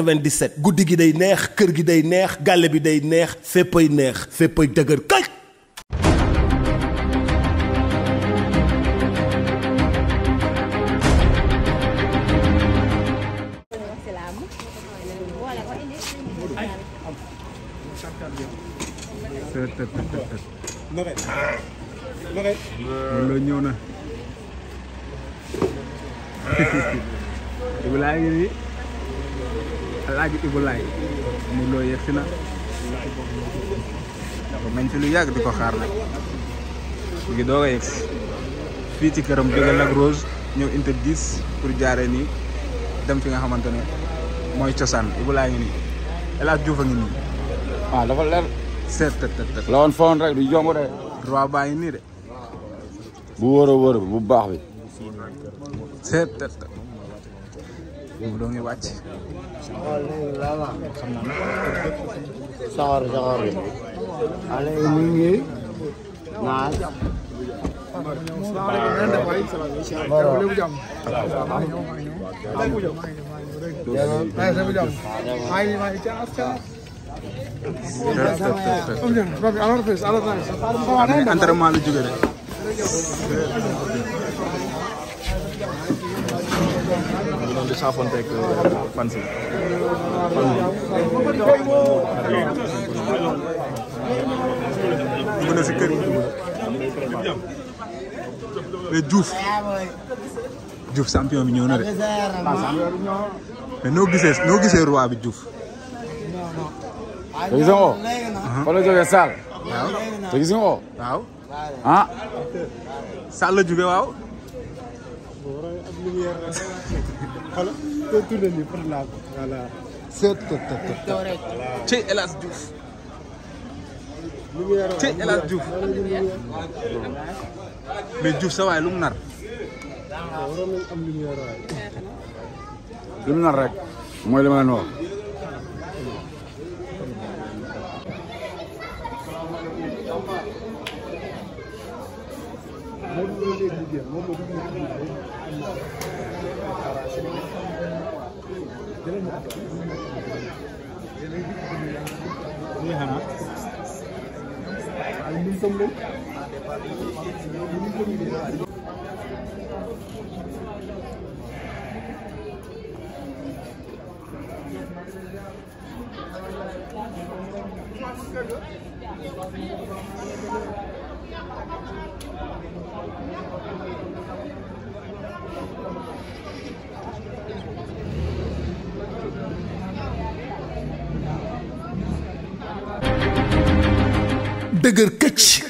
97 guddi gi day neex kër gi day neex gàlle bi day neex féppay neex féppay dëgër ñëw na. alaaji ibulaay mu loo yegsi na boobu nañ fi lu yàgg di ko xaar nag mu ngi doog a yegsi fii ci këram jóge Lac Rose ñëw inter 10 pour jaaree nii dem fi nga xamante ne mooy cosaan ibulaay ngi nii El Hadj ngi nii waaw ah, dafa leer seet tët la woon foon rek du yomb de roi baa ngi nii de bu wóor a wóor bu baax bi seet tët boobu doo ngi wàcc. xam naa nag. soxor soxor bi. xale yi ñu ngi naaj. entraînement la jóge rek di saafoonte ak euh, fans yi mu ne bi ñëw de mais noo gisee noo te gis nga ko. fa la jógee te gis nga ko. waaw. ah. Sall waaw. ak lumière la seet tët tët tët ci El Hadj ci El Hadj Diouf. mais Diouf sa waay lu mu nar. waroon nañ am rek mooy li ma Modou Lo léegi mu génn moom la ko mën a arrangé. Thank you. dëgër këcc